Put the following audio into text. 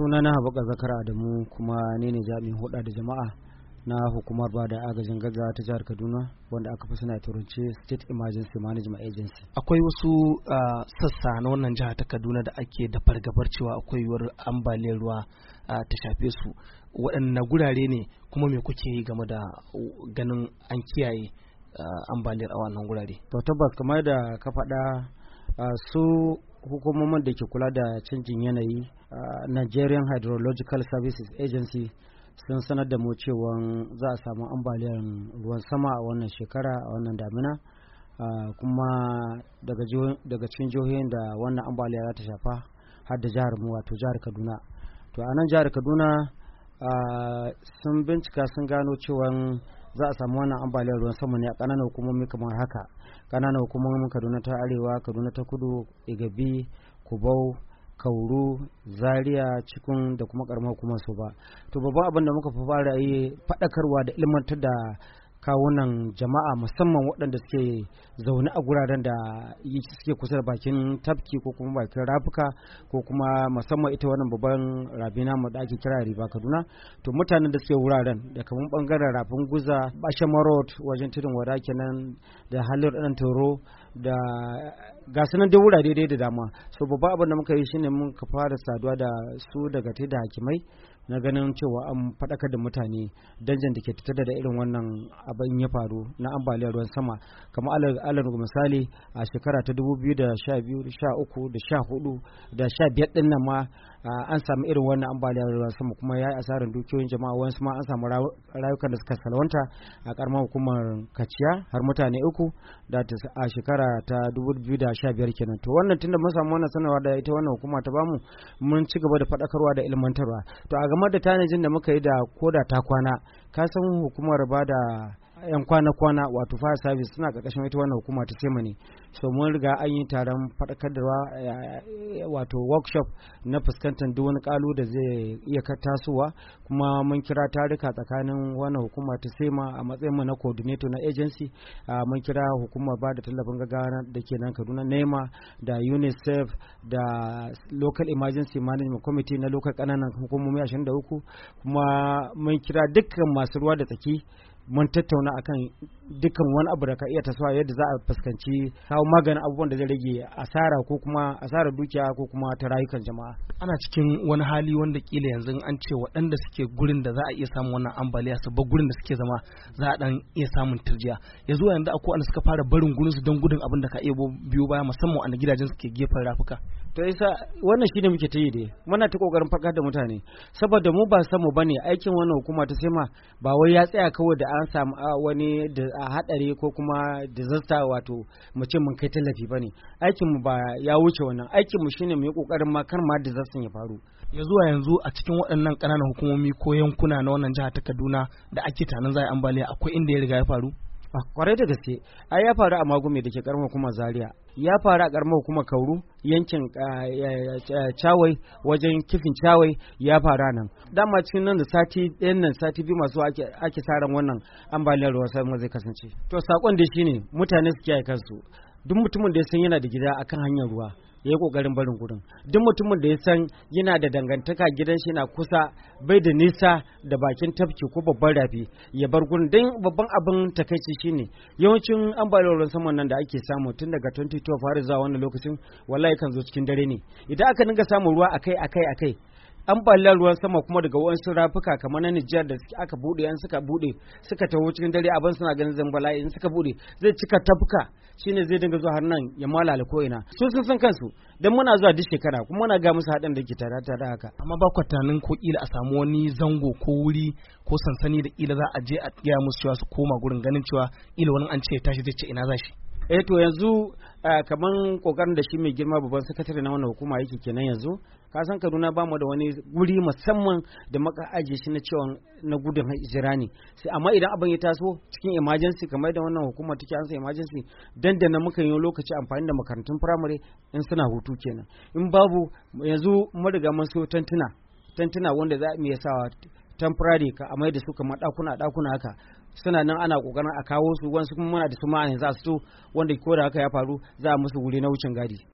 suna na haɓaka zakar adamu kuma ne ne jami'in hulɗa da jama'a na hukumar ba da agajin gaza ta jihar kaduna wanda aka fi suna turanci state emergency management agency akwai wasu sassa na wannan jihar ta kaduna da ake da fargabar cewa akwai yiwuwar ambaliyar ruwa ta shafe su waɗanne gurare ne kuma me kuke yi game da ganin an kiyaye ambaliyar a wannan gurare to tabbas kamar da ka faɗa su hukumomin da ke kula da canjin yanayi a nigerian hydrological services agency sun sanar da mu cewa za a samu ambaliyar ruwan sama a wannan shekara a wannan damina kuma daga cikin jihohin da wannan ambaliyar za ta shafa har da jihar mu wato jihar kaduna to a nan jihar kaduna sun bincika sun gano cewa za a samu wannan ambaliyar ruwan sama ne a ƙananan hukumomi kamar haka ƙananan hukumomin kaduna ta arewa kaduna ta kudu igabi kubau kauru zaria cikin da kuma karamar hukumar su ba to babban abin da muka fi fara yi faɗakarwa da ilmantar da kawunan jama'a musamman waɗanda suke zaune a guraren da suke kusa da bakin tafki ko kuma bakin rafuka ko kuma musamman ita wannan babban rabina namu da ake kira riba kaduna to mutanen da suke wuraren da kamar bangaren rafin guza bashe marot wajen tudun wada kenan da halin ɗan toro da ga nan dai wurare dai da dama so babban abin da muka yi shine mun ka fara saduwa da su daga da hakimai na ganin cewa an faɗakar da mutane danjan da ke tattare da irin wannan abin ya faru na ambaliyar ruwan sama kamar alal misali a shekara ta 2013 da 14 da 15 din nan ma an samu irin wannan ambaliyar ruwan sama kuma ya yi asarar dukiyoyin jama'a wasu ma an samu rayukan da suka salwanta a karamar hukumar kaciya har mutane uku da a shekara ta 2015 kenan to wannan tunda mun samu wannan sanarwa da ita wannan hukuma ta bamu mun ci gaba da faɗakarwa da ilmantarwa to a kamar da tanajin da muka yi da koda ta kwana ka san hukumar ba da yan kwana-kwana wato fire service suna karkashin ita wannan hukuma ta tema ne so mun riga an yi taron faɗakarwa eh, wato workshop na fuskantar duk wani kalu da zai iya tasowa kuma mun kira tarika tsakanin wannan hukuma ta sema a matsayin mu na coordinator na agency ah, mun kira hukumar ba da tallafin gaggawa da ke nan Kaduna NEMA da UNICEF da local emergency management committee na local kananan hukumomi 23 kuma mun kira dukkan masu ruwa da tsaki mun tattauna akan dukkan wani abu da ka iya tasowa yadda za a fuskanci kawo maganin abubuwan da zai rage asara ko kuma asara dukiya ko kuma ta rayukan jama'a ana cikin wani hali wanda kila yanzu an ce waɗanda suke gurin da za a iya samun wannan ambaliya su bar gurin da suke zama za a dan iya samun turjiya ya zuwa yanzu akwai wanda suka fara barin gurin su don gudun abin da ka iya biyo baya musamman a gidajen suke gefen rafuka to yasa wannan shine muke ta yi dai muna ta kokarin fakar da mutane saboda mu ba samu bane aikin wannan hukuma ta sema ba wai ya tsaya kawai da an samu wani hadari ko kuma disaster wato mu ce mun kai tallafi ba ne mu ba ya wuce wannan aikin mu shine mu yi kokarin ma kar ma disaster ya faru ya zuwa yanzu a cikin waɗannan ƙananan hukumomi ko yankuna na wannan jihar ta kaduna da ake tanan za a ambaliya akwai inda ya riga ya faru Ah, kwarai da gaske ai ya faru a magume da ke karamar hukumar zaria ya faru a karamar hukumar kauru yankin ah, cawai wajen kifin cawai ya faru nan dama cikin nan da sati ɗayan nan sati biyu masu ake saran wannan ambaliyar ruwa sama zai kasance to sakon da ne mutane su kiyaye kansu duk mutumin da ya san yana da gida akan hanyar ruwa ya yi kokarin barin gurin duk mutumin da ya san yana da dangantaka gidan shi na kusa bai da nisa da bakin tafki ko babban rafi ya bar gurin don babban abin takaici shine yawancin ambaliyar saman nan da ake samu tun daga 2012 har zuwa wannan lokacin wallahi kan zo cikin dare ne idan aka dinga samun ruwa akai akai akai An ambaliyar ruwan sama kuma daga wasu rafuka kamar na Nijar da suke aka bude an suka bude suka taho cikin dare abin suna ganin zambala in suka bude zai cika tafka shine zai dinga zuwa har nan ya malala ko ina su sun san kansu dan muna zuwa duk shekara kuma muna ga musu hadin da ke tare tare haka amma ba ku ko ila a samu wani zango ko wuri ko sansani da ila za a je a tsaya musu cewa su koma gurin ganin cewa ila wani an ce tashi zai ce ina za shi eh to yanzu Eh, kamar kokarin da shi mai girma babban sakatare na wannan hukuma yake kenan yanzu ka san kaduna ba mu da wani guri musamman da maka ajiye shi na cewa na gudun hijira ne sai amma idan abin ya taso cikin emergency kamar da wannan hukuma take an sa emergency dandana muka yi lokaci amfani da makarantun primary in suna hutu kenan in babu yanzu mun riga mun so tantuna tantuna wanda za mu iya sawa temporary ka amma da su kamar dakuna dakuna haka suna nan ana kokarin a kawo su wasu kuma muna da su ma'anin za su to wanda ko da haka ya faru za a musu wuri na wucin gadi